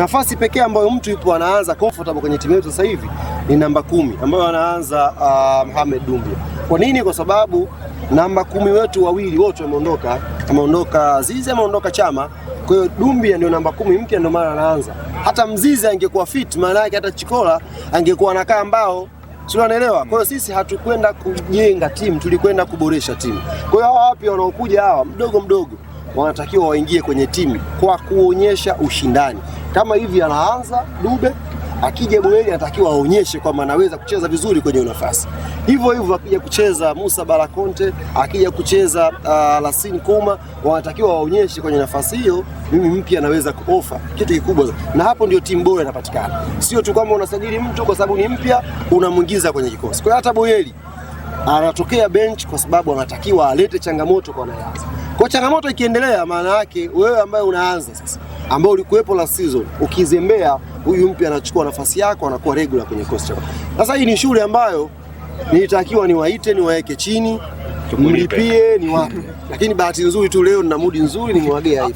Nafasi pekee ambayo mtu yupo anaanza comfortable kwenye timu yetu sasa hivi ni namba kumi ambayo anaanza uh, Mohamed Dumbia. Kwa nini? Kwa sababu namba kumi wetu wawili wote wameondoka, ameondoka Azizi, ameondoka Chama. Kwa hiyo Dumbia ndio namba kumi mpya, ndio maana anaanza. Hata Mzizi angekuwa fit, maana yake hata Chikola angekuwa anakaa mbao sio, anaelewa. Kwa hiyo sisi hatukwenda kujenga timu, tulikwenda kuboresha timu. Kwa hiyo hawa wapya wanaokuja hawa mdogo mdogo wanatakiwa waingie kwenye timu kwa kuonyesha ushindani. Kama hivi anaanza Dube, akija Boeli anatakiwa aonyeshe kwamba anaweza kucheza vizuri kwenye nafasi. Hivyo hivyo akija kucheza Musa barakonte akija kucheza uh, ah, Lasin Kuma, wanatakiwa waonyeshe kwenye nafasi hiyo, mimi mpya anaweza kuofa kitu kikubwa, na hapo ndio timu bora inapatikana. Sio tu kwamba unasajili mtu kwa sababu ni mpya, unamwingiza kwenye kikosi. Kwa hata Boeli anatokea bench kwa sababu anatakiwa alete changamoto kwa anayeanza. Kwa changamoto ikiendelea, maana yake wewe ambaye unaanza sasa, ambao ulikuwepo last season, ukizembea, huyu mpya anachukua nafasi yako, anakuwa regular kwenye kosta. Sasa hii ni shule ambayo nilitakiwa niwaite, niwaweke chini, mlipie, wapi, lakini bahati nzuri tu leo nina mudi nzuri, nimewagea hivi.